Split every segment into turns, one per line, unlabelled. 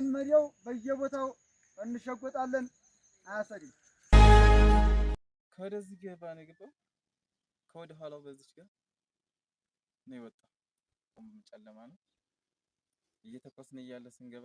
እንደተለመደው በየቦታው እንሸጎጣለን። አያሰድም።
ከወደዚህ ገባ ነው የገባው፣ ከወደ ኋላው በዚች ጋር ነው የወጣው። ጨለማ ነው እየተኮስን እያለ ስንገባ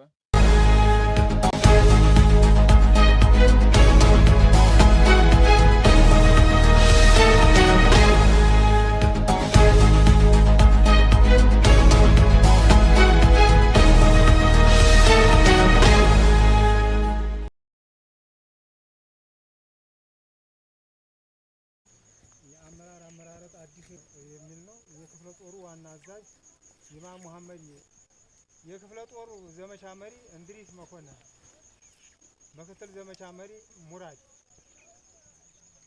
ዋና አዛዥ፣ ኢማም ሙሐመድ፣ የክፍለ ጦሩ ዘመቻ መሪ እንድሪስ መኮንን፣ ምክትል ዘመቻ መሪ ሙራድ፣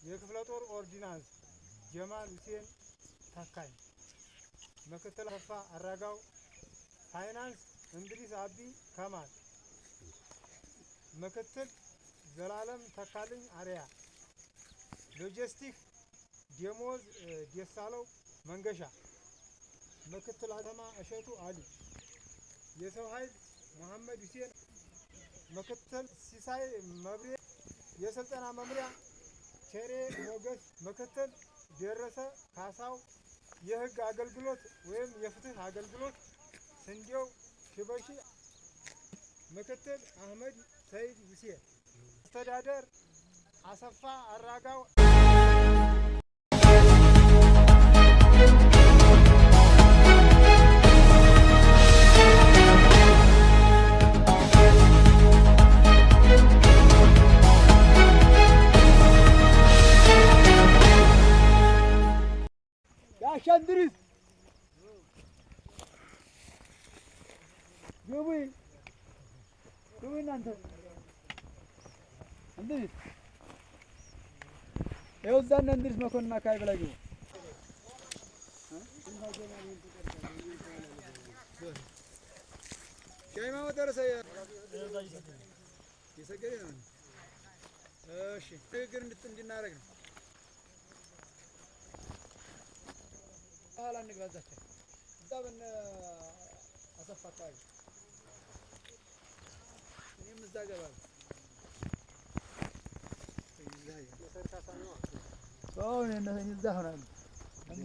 የክፍለ ጦር ኦርዲናንስ ጀማል ሁሴን ታካኝ፣ ምክትል አፋ አራጋው፣ ፋይናንስ እንድሪስ አቢ ከማል፣ ምክትል ዘላለም ተካልኝ አሪያ፣ ሎጂስቲክ ደሞዝ ደሳለው መንገሻ ምክትል አተማ እሸቱ አሉ። የሰው ኃይል መሐመድ ሁሴን፣ ምክትል ሲሳይ መብሬ፣ የስልጠና መምሪያ ቸሬ ሞገስ፣ ምክትል ደረሰ ካሳው፣ የህግ አገልግሎት ወይም የፍትህ አገልግሎት ስንዴው ሽበሺ፣ ምክትል አህመድ ሰይድ ሁሴን፣ አስተዳደር አሰፋ አራጋው ግቡ ግቡ እናንተ እንድሪስ ይኸው እዛ እነ እንድሪስ መኮንን አካባቢ ላይ ግቡ። እሺ ንግግር እንድናደርግ ነው። በኋላ እንግባ እዛቸው እዛ በእነ አሰፋ አካባቢ لا لا لا لا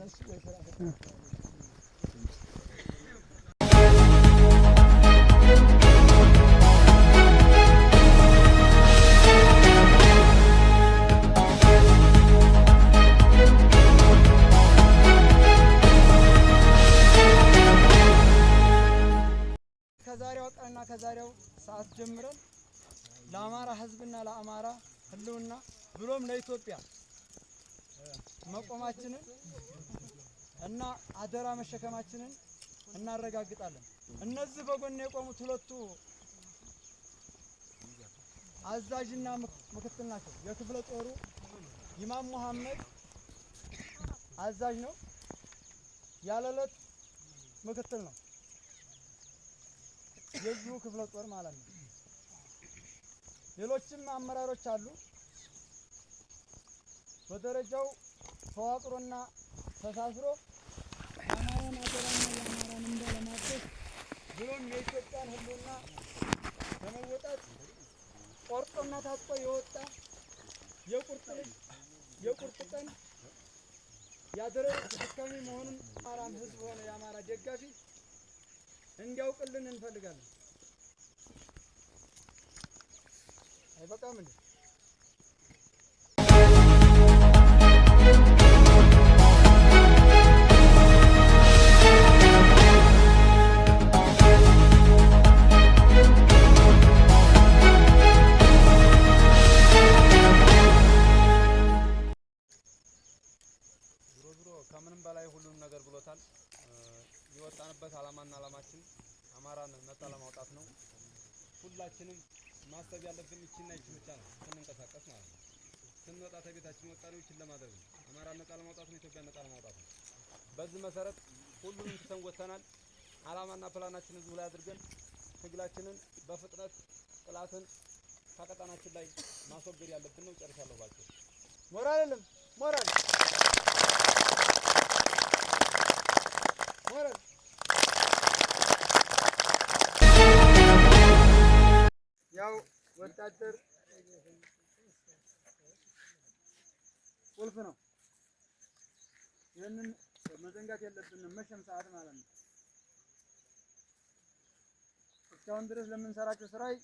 መቆማችንን እና አደራ መሸከማችንን እናረጋግጣለን። እነዚህ በጎን የቆሙት ሁለቱ አዛዥና ምክትል ናቸው። የክፍለ ጦሩ ኢማም መሐመድ አዛዥ ነው፣ ያለለት ምክትል ነው። የዚሁ ክፍለ ጦር ማለት ነው። ሌሎችም አመራሮች አሉ በደረጃው ተዋቅሮና ተሳስሮ አማራን አገራና የአማራን እንዳ ለማድረስ ብሎም የኢትዮጵያን ህልውና ለመወጣት ቆርጦና ታጥቆ የወጣ የቁርጥ ልጅ የቁርጥ ቀን ያደረገ ተሸካሚ መሆኑን አማራን ህዝብ ሆነ የአማራ ደጋፊ እንዲያውቅልን እንፈልጋለን። አይበቃም እንዴ? ሁላችንም ማሰብ ያለብን ይቺና ይቺ ብቻ ነው፣ ስንንቀሳቀስ ማለት ነው። ስንወጣ ተቤታችን ወጣ ነው ለማድረግ ነው። አማራ ነጻ ለማውጣት ነው። ኢትዮጵያ ነጻ ለማውጣት ነው። በዚህ መሰረት ሁሉንም ትተን ወጥተናል። አላማና ፕላናችን እዚሁ ላይ አድርገን ትግላችንን በፍጥነት ጥላትን ከቀጣናችን ላይ ማስወገድ ያለብን ነው። ጨርሻለሁ። ባቸው ሞራልልም ሞራል ሞራል ወታደር ቁልፍ ነው። ይህንን መዘንጋት የለብንም። መቼም ሰዓት ማለት ነው። እስካሁን ድረስ ለምንሰራቸው ስራይ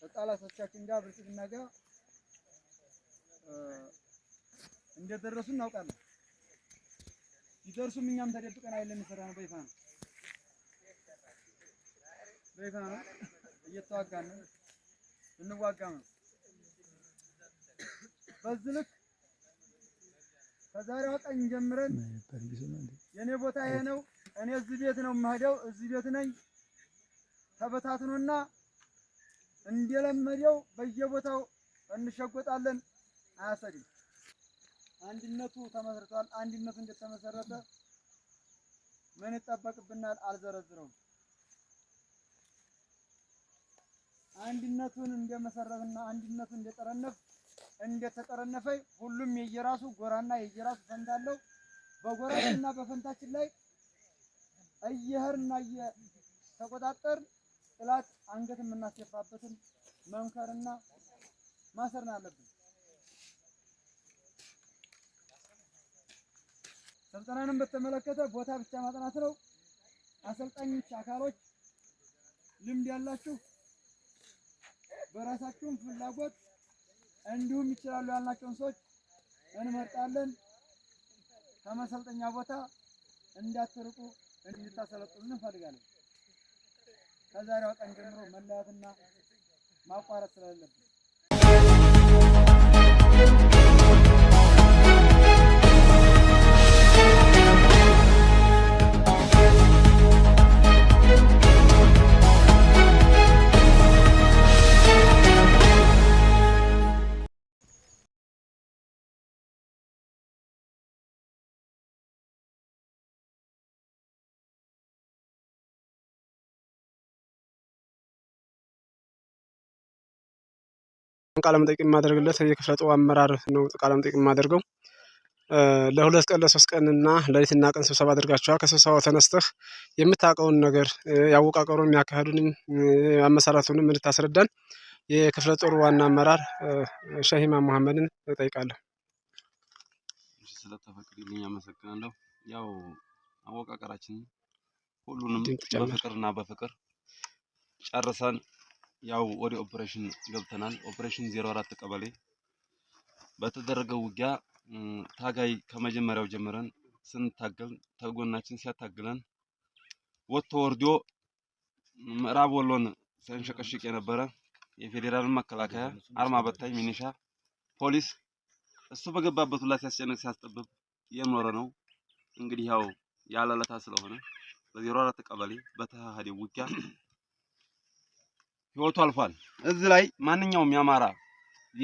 ከጣላቶቻችን ጋር ብልጽግና ጋር እንደደረሱ እናውቃለን። ይደርሱም እኛም ተደብቀን አይደለም የሰራነው፣ በይፋ ነው በይፋ ነው እየተዋጋን ነው። ልንዋጋ ነው። በዚህ ልክ ከዛሬዋ ቀን ጀምረን የእኔ ቦታ ይሄ ነው፣ እኔ እዚህ ቤት ነው የማሄደው፣ እዚህ ቤት ነኝ። ተበታትኖና እንደለመደው በየቦታው እንሸጎጣለን። አያሰድም። አንድነቱ ተመስርቷል። አንድነቱ እንደተመሰረተ ምን ይጠበቅብናል? አልዘረዝረውም። አንድነቱን እንደመሰረትና አንድነቱን እንደጠረነፍ እንደተጠረነፈ ሁሉም የየራሱ ጎራና የየራሱ ፈንታ አለው። በጎራችንና በፈንታችን ላይ እየሄድና እየተቆጣጠር ጥላት አንገት የምናስደፋበትን መምከርና ማሰርን አለብን። ስልጠናንም በተመለከተ ቦታ ብቻ ማጥናት ነው። አሰልጣኞች አካሎች ልምድ ያላችሁ በራሳችሁም ፍላጎት እንዲሁም ይችላሉ ያልናቸውን ሰዎች እንመርጣለን። ከመሰልጠኛ ቦታ እንዳትርቁ እንድታሰለጥኑ እንፈልጋለን። ከዛሬዋ ቀን ጀምሮ መለያትና ማቋረጥ ስለሌለብን
ቃለ ቃለመጠይቅ የማደርግለት የክፍለ የክፍለጦሩ አመራር ነው። ቃለ ቃለመጠይቅ የማደርገው ለሁለት ቀን ለሶስት ቀን እና ለሊትና ቀን ስብሰባ አድርጋችኋል። ከስብሰባው ተነስተህ የምታውቀውን ነገር ያወቃቀሩ ያካሄዱንም አመሰራቱንም እንድታስረዳን የክፍለ ጦር ዋና አመራር ሸሂማ መሐመድን እጠይቃለሁ።
ስለተፈቀደልኝ አመሰግናለሁ። ያው አወቃቀራችን ሁሉንም በፍቅርና በፍቅር ጨርሰን ያው ወደ ኦፕሬሽን ገብተናል። ኦፕሬሽን 04 ቀበሌ በተደረገው ውጊያ ታጋይ ከመጀመሪያው ጀምረን ስንታገል ተጎናችን ሲያታግለን ወጥቶ ወርዶ ምዕራብ ወሎን ሲያንሸቀሽቅ የነበረ የፌዴራል መከላከያ አርማ በታይ ሚኒሻ ፖሊስ እሱ በገባበት ሁላ ሲያስጨንቅ ሲያስጠብብ የኖረ ነው። እንግዲህ ያው ያለለታ ስለሆነ በ04 ቀበሌ በተሃሃደ ውጊያ ህይወቱ አልፏል። እዚህ ላይ ማንኛውም የአማራ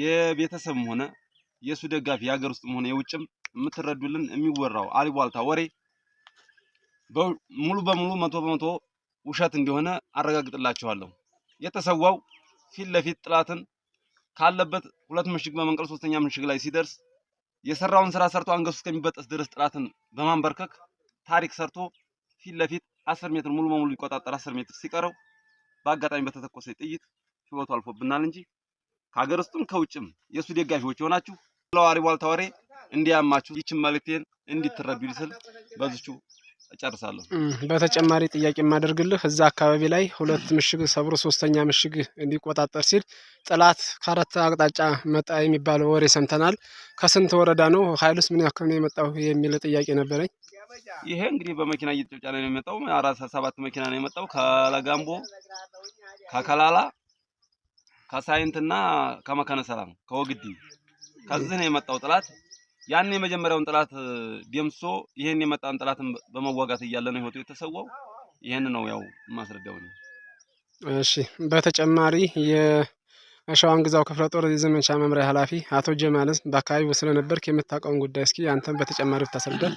የቤተሰብም ሆነ የእሱ ደጋፊ የሀገር ውስጥም ሆነ የውጭም የምትረዱልን የሚወራው አሊቧልታ ወሬ ሙሉ በሙሉ መቶ በመቶ ውሸት እንደሆነ አረጋግጥላችኋለሁ። የተሰዋው ፊት ለፊት ጥላትን ካለበት ሁለት ምሽግ በመንቀል ሶስተኛ ምሽግ ላይ ሲደርስ የሰራውን ስራ ሰርቶ አንገሱ እስከሚበጠስ ድረስ ጥላትን በማንበርከክ ታሪክ ሰርቶ ፊት ለፊት አስር ሜትር ሙሉ በሙሉ ሊቆጣጠር አስር ሜትር ሲቀረው በአጋጣሚ በተተኮሰ ጥይት ህይወቱ አልፎብናል እንጂ ከሀገር ውስጥም ከውጭም የእሱ ደጋፊዎች የሆናችሁ ለዋሪ ዋልታ ወሬ እንዲያማችሁ ይችን መልእክቴን እንድትረዱ ስል በዚቹ እጨርሳለሁ።
በተጨማሪ ጥያቄ የማደርግልህ እዛ አካባቢ ላይ ሁለት ምሽግ ሰብሮ ሶስተኛ ምሽግ እንዲቆጣጠር ሲል ጠላት ከአራት አቅጣጫ መጣ የሚባለው ወሬ ሰምተናል። ከስንት ወረዳ ነው ኃይሉስ ምን ያክል ነው የመጣው የሚል ጥያቄ ነበረኝ።
ይሄ እንግዲህ በመኪና እየተጫነ ነው የመጣው። አራት ሰባት መኪና ነው የመጣው ከለጋምቦ ከከላላ ከሳይንትና ከመካነ ሰላም ከወግዲ ከዚህ ነው የመጣው ጥላት። ያን የመጀመሪያውን ጥላት ደምሶ ይሄን የመጣን ጥላትን በመዋጋት እያለ ነው ህይወቱ የተሰዋው። ይሄን ነው ያው ማስረዳው ነው።
እሺ በተጨማሪ የአሸዋን ግዛው ክፍለ ጦር የዘመቻ መምሪያ ኃላፊ አቶ ጀማልስ በአካባቢው ስለነበርክ የምታውቀውን ጉዳይ እስኪ አንተም በተጨማሪ ብታስረዳል።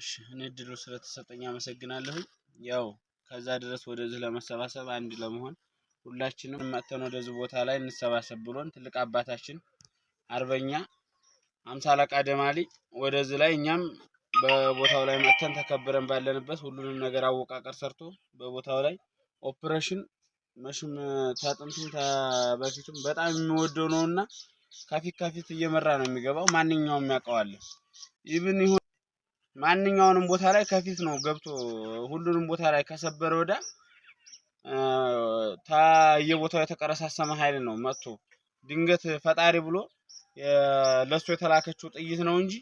እሺ እኔ እድሉ ስለተሰጠኝ አመሰግናለሁኝ። ያው ከዛ ድረስ ወደዚህ ለመሰባሰብ አንድ ለመሆን ሁላችንም መጥተን ወደዚህ ቦታ ላይ እንሰባሰብ ብሎን ትልቅ አባታችን አርበኛ አምሳ አለቃ ደማሊ ወደዚህ ላይ እኛም በቦታው ላይ መጥተን ተከብረን ባለንበት ሁሉንም ነገር አወቃቀር ሰርቶ በቦታው ላይ ኦፕሬሽን መሽም ተጥንቱም በፊቱም በጣም የሚወደው ነው እና ከፊት ከፊት እየመራ ነው የሚገባው። ማንኛውም ያውቀዋለን ይብን ማንኛውንም ቦታ ላይ ከፊት ነው ገብቶ ሁሉንም ቦታ ላይ ከሰበረ ወዳ ታየቦታው የተቀረሳሰመ ኃይል ነው መጥቶ ድንገት ፈጣሪ ብሎ ለሱ የተላከችው ጥይት ነው እንጂ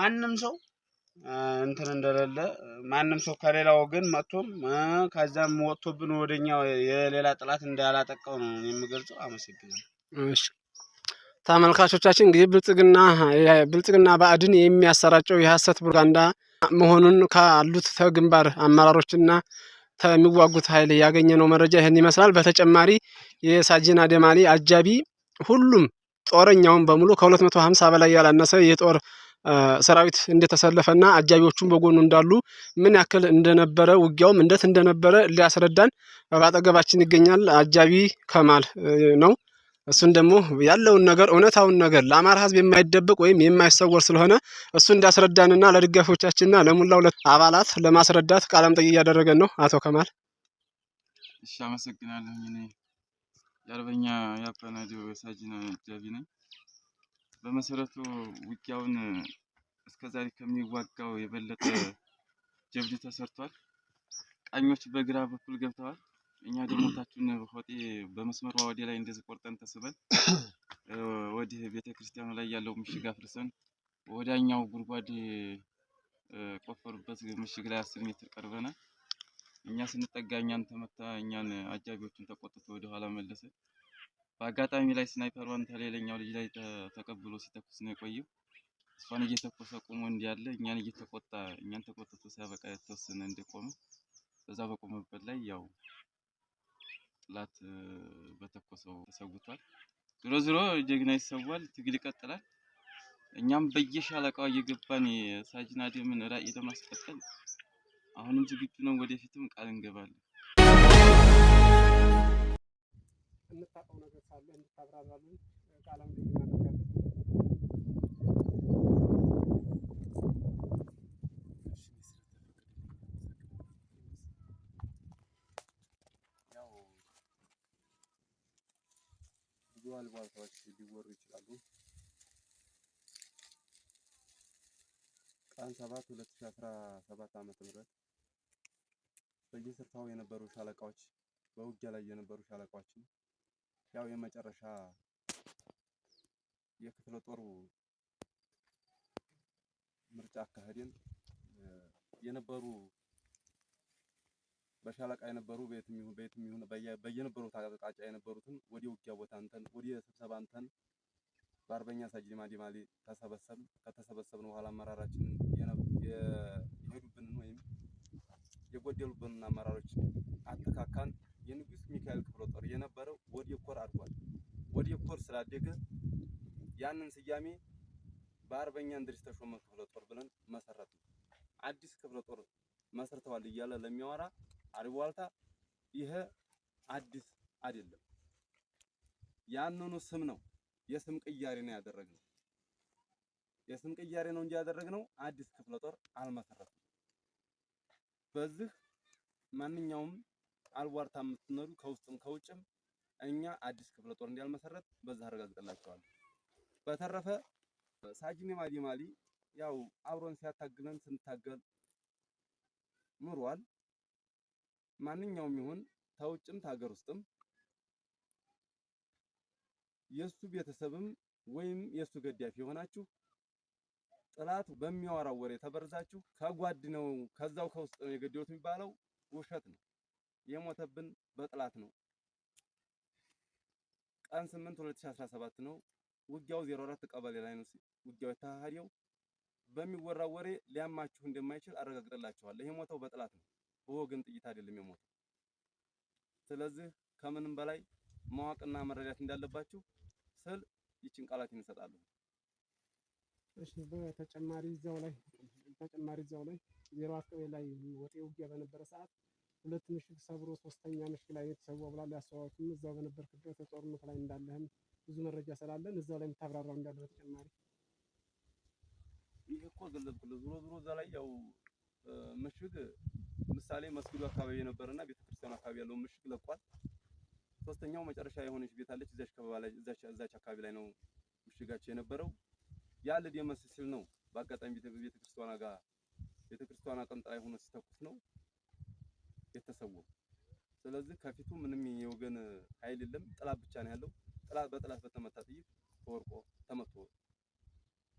ማንም ሰው እንትን እንደሌለ ማንም ሰው ከሌላው ወገን መጥቶም ከዛም ወጥቶብን ወደኛ የሌላ ጥላት እንዳላጠቀው ነው የምገልጸው። አመሰግናለሁ።
ተመልካቾቻችን እንግዲህ ብልጽግና ብልጽግና ብአዴን የሚያሰራጨው የሀሰት ፕሮፓጋንዳ መሆኑን ካሉት ከግንባር አመራሮችና ከሚዋጉት ኃይል ነው መረጃ ይህን ይመስላል። በተጨማሪ የሳጅን አደማሊ አጃቢ ሁሉም ጦረኛውን በሙሉ ከ250 በላይ ያላነሰ የጦር ሰራዊት እንደተሰለፈና አጃቢዎቹን በጎኑ እንዳሉ ምን ያክል እንደነበረ ውጊያውም እንዴት እንደነበረ ሊያስረዳን በአጠገባችን ይገኛል። አጃቢ ከማል ነው። እሱን ደግሞ ያለውን ነገር እውነታውን ነገር ለአማራ ህዝብ የማይደብቅ ወይም የማይሰወር ስለሆነ እሱ እንዳስረዳንና ለድጋፎቻችንና ለሙላው አባላት ለማስረዳት ቃለ መጠይቅ እያደረገን ነው። አቶ ከማል
እሺ፣ አመሰግናለሁ። እኔ የአርበኛ ያፈናጆ ሳጅን ጃቢ ነኝ። በመሰረቱ ውጊያውን እስከዛሬ ከሚዋጋው የበለጠ ጀብድ ተሰርቷል። ቃኞች በግራ በኩል ገብተዋል። እኛ ደግሞ ታችን ሆጤ በመስመሯ ወዴ ላይ እንደዚህ ቆርጠን ተስበን ወዲህ ቤተ ክርስቲያኑ ላይ ያለው ምሽግ አፍርሰን ወዳኛው ጉድጓድ ቆፈሩበት ምሽግ ላይ አስር ሜትር ቀርበናል። እኛ ስንጠጋ እኛን ተመታ፣ እኛን አጃቢዎቹን ተቆጥቶ ወደኋላ መለሰ። በአጋጣሚ ላይ ስናይፐሯን ተሌለኛው ልጅ ላይ ተቀብሎ ሲተኩስ ነው የቆየው። እሷን እየተኮሰ ቆሞ እንዲያለ እኛን እየተቆጣ እኛን ተቆጥቶ ሲያበቃ የተወሰነ እንደቆመ በዛ በቆመበት ላይ ያው ጠላት በተኮሰው ተሰውቷል። ዞሮ ዞሮ ጀግና ይሰዋል፣ ትግል ይቀጥላል። እኛም በየሻለቃው እየገባን የሳጅን አደምን ራዕይ ለማስቀጠል አሁንም ዝግጁ ነው። ወደፊትም ቃል እንገባለን። የምታውቀው ነገር ካለ እንድታብራራልን ቃል እንገባለን። ብዙ አሉባልታዎች ሊወሩ ይችላሉ። ቀን 7 2017 ዓመተ ምህረት በየስፍራው የነበሩ ሻለቃዎች በውጊያ ላይ የነበሩ ሻለቃዎችን ያው የመጨረሻ የክፍለ ጦሩ ምርጫ አካሄድን የነበሩ በሻለቃ የነበሩ ቤት የሚሆን ቤት የሚሆን በየነበሩት አቅጣጫ የነበሩትን ወደ ውጊያ ቦታ እንተን ወደ ስብሰባ እንተን በአርበኛ ሳጅ ዲማ ተሰበሰብን። ከተሰበሰብን በኋላ አመራራችን የሄዱብንን ወይም የጎደሉብንን አመራሮች አተካካን። የንጉስ ሚካኤል ክፍለ ጦር የነበረው ወደ ኮር አድጓል። ወደ ኮር ስላደገ ያንን ስያሜ በአርበኛ እንድሪስ ተሾመ ክፍለ ጦር ብለን መሰረት ነው። አዲስ ክፍለ ጦር መስርተዋል እያለ ለሚያወራ አሪዋልታ ይሄ አዲስ አይደለም። ያንኑ ስም ነው የስም ቅያሬ ነው ያደረግነው። የስም ቅያሬ ነው እንጂ ያደረግነው አዲስ ክፍለ ጦር አልመሰረትም። በዚህ ማንኛውም አልዋርታ የምትነዱ ከውስጥም ከውጭም እኛ አዲስ ክፍለ ጦር እንዲያልመሰረት በዛ አረጋግጥላቸዋለሁ። በተረፈ ሳጅን የማሊ ማሊ ያው አብሮን ሲያታግለን ስንታገል ኑሯል። ማንኛውም ይሁን ታውጭም ታገር ውስጥም የሱ ቤተሰብም ወይም የሱ ገዳፊ የሆናችሁ ጥላት በሚያወራው ወሬ ተበርዛችሁ ከጓድ ነው ከዛው ከውስጥ ነው የገደሉት የሚባለው ውሸት ነው። የሞተብን በጥላት ነው። ቀን 8 2017 ነው። ውጊያው 04 ቀበሌ ላይ ነው ውጊያው የተካሄደው። በሚወራው ወሬ ሊያማችሁ እንደማይችል አረጋግጥላችኋለሁ። የሞተው በጥላት ነው። በወገን ጥይት አይደለም የሞተው። ስለዚህ ከምንም በላይ ማወቅና መረዳት እንዳለባችሁ ስል ይችን ቃላት እንሰጣለሁ።
እሺ፣ በተጨማሪ እዛው ላይ ተጨማሪ እዛው ላይ ዜሮ አካባቢ ላይ ወጤ ውጊያ በነበረ ሰዓት ሁለት ምሽግ ሰብሮ ሶስተኛ ምሽግ ላይ የተሰዋ ብላል ያስተዋወቅም እዛው በነበርክበት ጦርነት ላይ እንዳለህም ብዙ መረጃ ስላለን እዛው ላይ የምታብራራው እንዳለ በተጨማሪ
ይህ እኮ ገለጽኩልህ። ዞሮ ዞሮ እዛ ላይ ያው ምሽግ ምሳሌ መስጊዱ አካባቢ የነበረና ቤተክርስቲያኑ አካባቢ ያለውን ምሽግ ለቋል። ሶስተኛው መጨረሻ የሆነች ቤት አለች። እዛች ላይ እዛች አካባቢ ላይ ነው ምሽጋቸው የነበረው። ያ ልደመስ ሲል ነው በአጋጣሚ ቤተክርስቲያኗ ጋር ቤተክርስቲያኗ ቀምጥ ላይ ሆኖ ሲተኩስ ነው የተሰወው። ስለዚህ ከፊቱ ምንም የወገን ኃይል የለም፣ ጥላት ብቻ ነው ያለው። ጥላት በጥላት በተመታ ጥይት ተወርቆ ተመቶ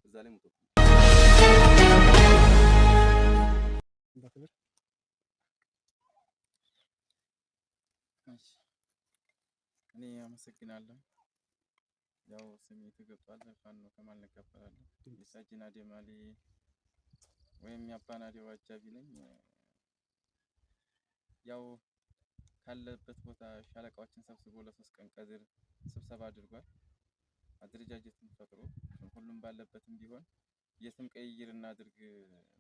እዛ ላይ ሞቶ እንዳትልቅ
እኔ አመሰግናለሁ። ያው ስሜ ተገልጧል። ፋኖ ከማል እንቀበላለን። የሳጅን አደማሌ ወይም የአባናዴው አጃቢ ነኝ። ያው ካለበት ቦታ ሻለቃዎችን ሰብስቦ ለሶስት ቀን ቀዝር ስብሰባ አድርጓል። አደረጃጀትን ፈጥሮ ሁሉም ባለበትም ቢሆን የስም ቅይር እናድርግ።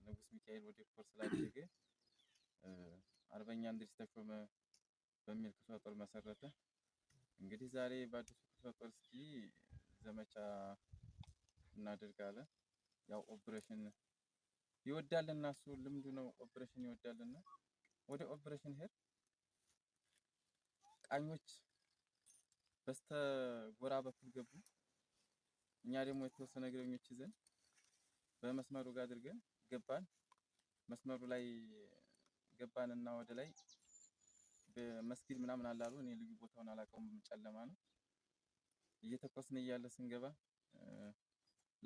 ንጉስ ሚካኤል ወደ ኮር ስላደረገ አርበኛ እንድሪስ ተሾመ በሚል ክፍለ ጦር መሰረተ። እንግዲህ ዛሬ በአዲሱ ክፍለ ጦር እስኪ ዘመቻ እናድርግ አለ። ያው ኦፕሬሽን ይወዳልና እሱ ልምዱ ነው። ኦፕሬሽን ይወዳልና ወደ ኦፕሬሽን ሄድ ቃኞች በስተጎራ በኩል ገቡ። እኛ ደግሞ የተወሰነ እግረኞች ይዘን በመስመሩ ጋር አድርገን ገባን። መስመሩ ላይ ገባን እና ወደ ላይ መስጊድ ምናምን አላሉ። እኔ ልዩ ቦታውን አላውቀውም፣ ጨለማ ነው። እየተኮስን እያለ ስንገባ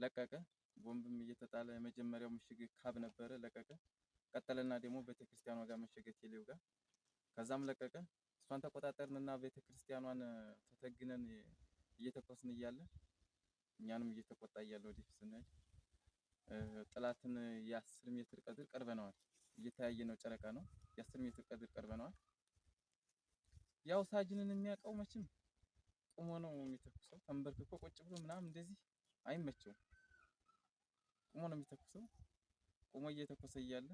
ለቀቀ። ቦምብም እየተጣለ የመጀመሪያው ምሽግ ካብ ነበረ፣ ለቀቀ። ቀጠለና ደግሞ ቤተክርስቲያኗ ጋር መሸገ፣ ቴሌው ጋር ከዛም ለቀቀ። እሷን ተቆጣጠርንና ቤተክርስቲያኗን ተተግነን እየተኮስን እያለ እኛንም እየተቆጣ እያለ ወደፊት ስንሄድ ጥላትን የአስር ሜትር ቀዝር ቀርበነዋል። እየተያየ ነው፣ ጨረቃ ነው። የአስር ሜትር ቀዝር ቀርበነዋል። ያው ሳጅንን የሚያውቀው መቼም ቁሞ ነው የሚተኩሰው። ተንበርክኮ ቁጭ ብሎ ምናምን እንደዚህ አይመቸውም። ቁሞ ነው የሚተኩሰው። ቁሞ እየተኮሰ እያለ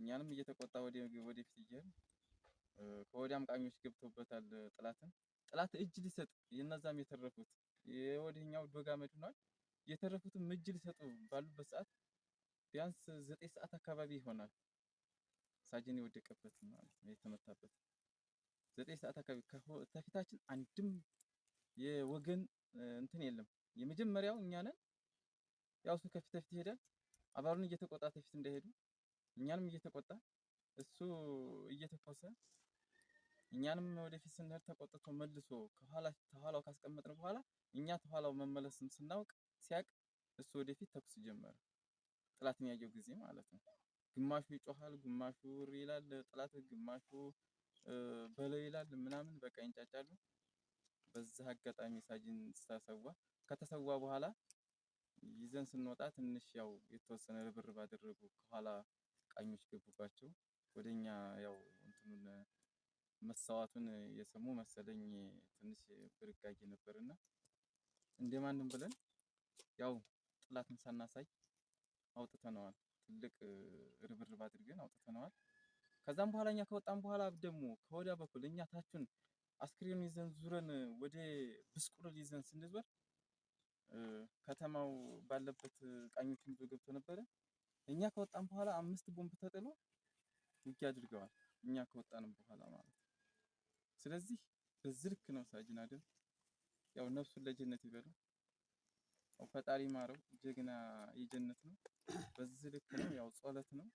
እኛንም እየተቆጣ ወደፊት እያለ ከወዲያም ቃኞች ገብተውበታል። ጥላትን ጥላት እጅ ሊሰጥ የነዛም የተረፉት የወዲህኛው ዶጋ አመድ የተረፉትም እጅ ሊሰጡ ባሉበት ሰዓት ቢያንስ ዘጠኝ ሰዓት አካባቢ ይሆናል ሳጅን የወደቀበት ማለት ነው የተመታበት። ዘጠኝ ሰዓት አካባቢ ከፊታችን አንድም የወገን እንትን የለም። የመጀመሪያው እኛ ነን። ያው እሱ ከፊት ለፊት ይሄዳል አባሩን እየተቆጣ ከፊት እንዳይሄዱ እኛንም እየተቆጣ እሱ እየተኮሰ እኛንም ወደፊት ስንሄድ ተቆጥቶ መልሶ ከኋላው ካስቀመጥን በኋላ እኛ ከኋላው መመለስን ስናውቅ ሲያቅ እሱ ወደፊት ተኩስ ጀመረ። ጥላትን ያየው ጊዜ ማለት ነው። ግማሹ ይጮሃል፣ ግማሹ ር ይላል ጥላት፣ ግማሹ በለው ይላል ምናምን በቃ ይንጫጫሉ። በዛ አጋጣሚ ሳጅን ተሰዋ። ከተሰዋ በኋላ ይዘን ስንወጣ ትንሽ ያው የተወሰነ ርብር ባደረጉ ከኋላ ቃኞች ገቡባቸው። ወደኛ ያው እንትኑን መሰዋቱን የሰሙ መሰለኝ ትንሽ ብርጋጌ ነበርና እንደማንም ብለን ያው ጥላትን ሳናሳይ አውጥተነዋል። ትልቅ ርብርብ አድርገን አውጥተነዋል። ከዛም በኋላ እኛ ከወጣን በኋላ ደግሞ ከወዲያ በኩል እኛ ታችን አስክሬን ይዘን ዙረን ወደ ብስቁርል ይዘን ስንዞር ከተማው ባለበት ቃኞችን ይዞ ገብቶ ነበረ። እኛ ከወጣን በኋላ አምስት ቦምብ ተጥሎ ውጊያ አድርገዋል። እኛ ከወጣንም በኋላ ማለት ስለዚህ በዝርክ ነው ሳጅን አደም ያው ነፍሱን ለጀነት ይበሉ። ፈጣሪ ማረው። ጀግና የጀነት ነው። በዚህ ልክ ነው ያው ጸሎት ነው።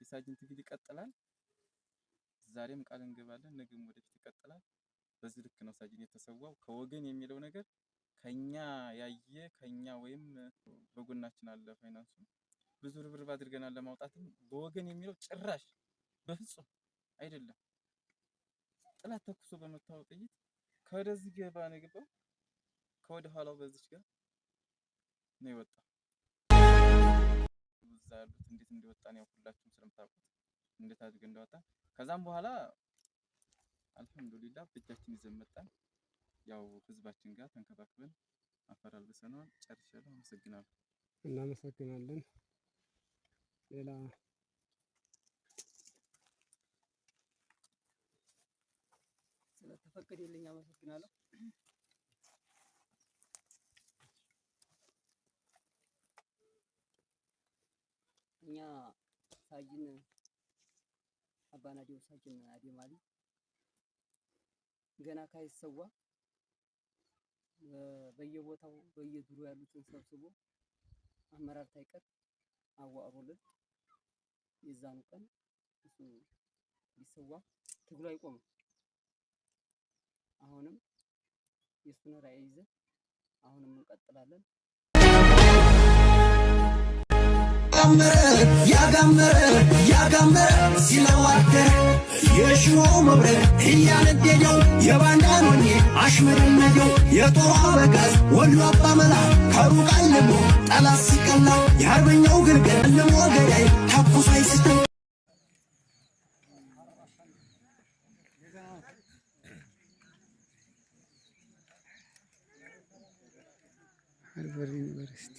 የሳጅን ትግል ይቀጥላል። ዛሬም ቃል እንገባለን፣ ነገም ወደፊት ይቀጥላል። በዚህ ልክ ነው ሳጅን የተሰዋው። ከወገን የሚለው ነገር ከኛ ያየ ከኛ ወይም በጎናችን አለ ፋይናንሱ ብዙ ርብርብ አድርገናል ለማውጣትም በወገን የሚለው ጭራሽ በፍጹም አይደለም። ጥላት ተኩሶ በመታወቅ ጥይት ከወደዚህ ገባ ነው ከወደ ኋላው በዚች ጋር ነው የወጣ እዛ ያሉት እንዴት እንደወጣ ነው ሁላችሁም ስለምታውቁት እንዴት አድርገን እንደወጣ። ከዛም በኋላ አልሐምዱሊላ ብቻችን ይዘን መጣን። ያው ህዝባችን ጋር ተንከባክበን አፈር አልብሰነዋል። ጨርሻለሁ። አመሰግናለሁ።
እናመሰግናለን። ሌላ ስለተፈቀደልኝ አመሰግናለሁ። እኛ ሳጅን አባናዴው ሳጅን አዴማሊ ገና ካይሰዋ በየቦታው በየድሩ ያሉትን ሰብስቦ አመራር ታይቀር አዋቅሮልን የዛኑ ቀን እሱ ቢሰዋ ትግሉ አይቆምም። አሁንም የሱን ራዕይ ይዘን አሁንም እንቀጥላለን። ያጋመረ ያጋመረ ያጋመረ ሲለዋደር የሽሮ መብረቅ እያነደደው የባንዳን ኖኔ አሽመደመደው የጦር አበጋዝ ወሎ አባመላ ከሩቅ አልሞ ጠላት ሲቀላው የአርበኛው ግልገል ልሞ ገዳይ ተኩሶ አይስተው ዩኒቨርሲቲ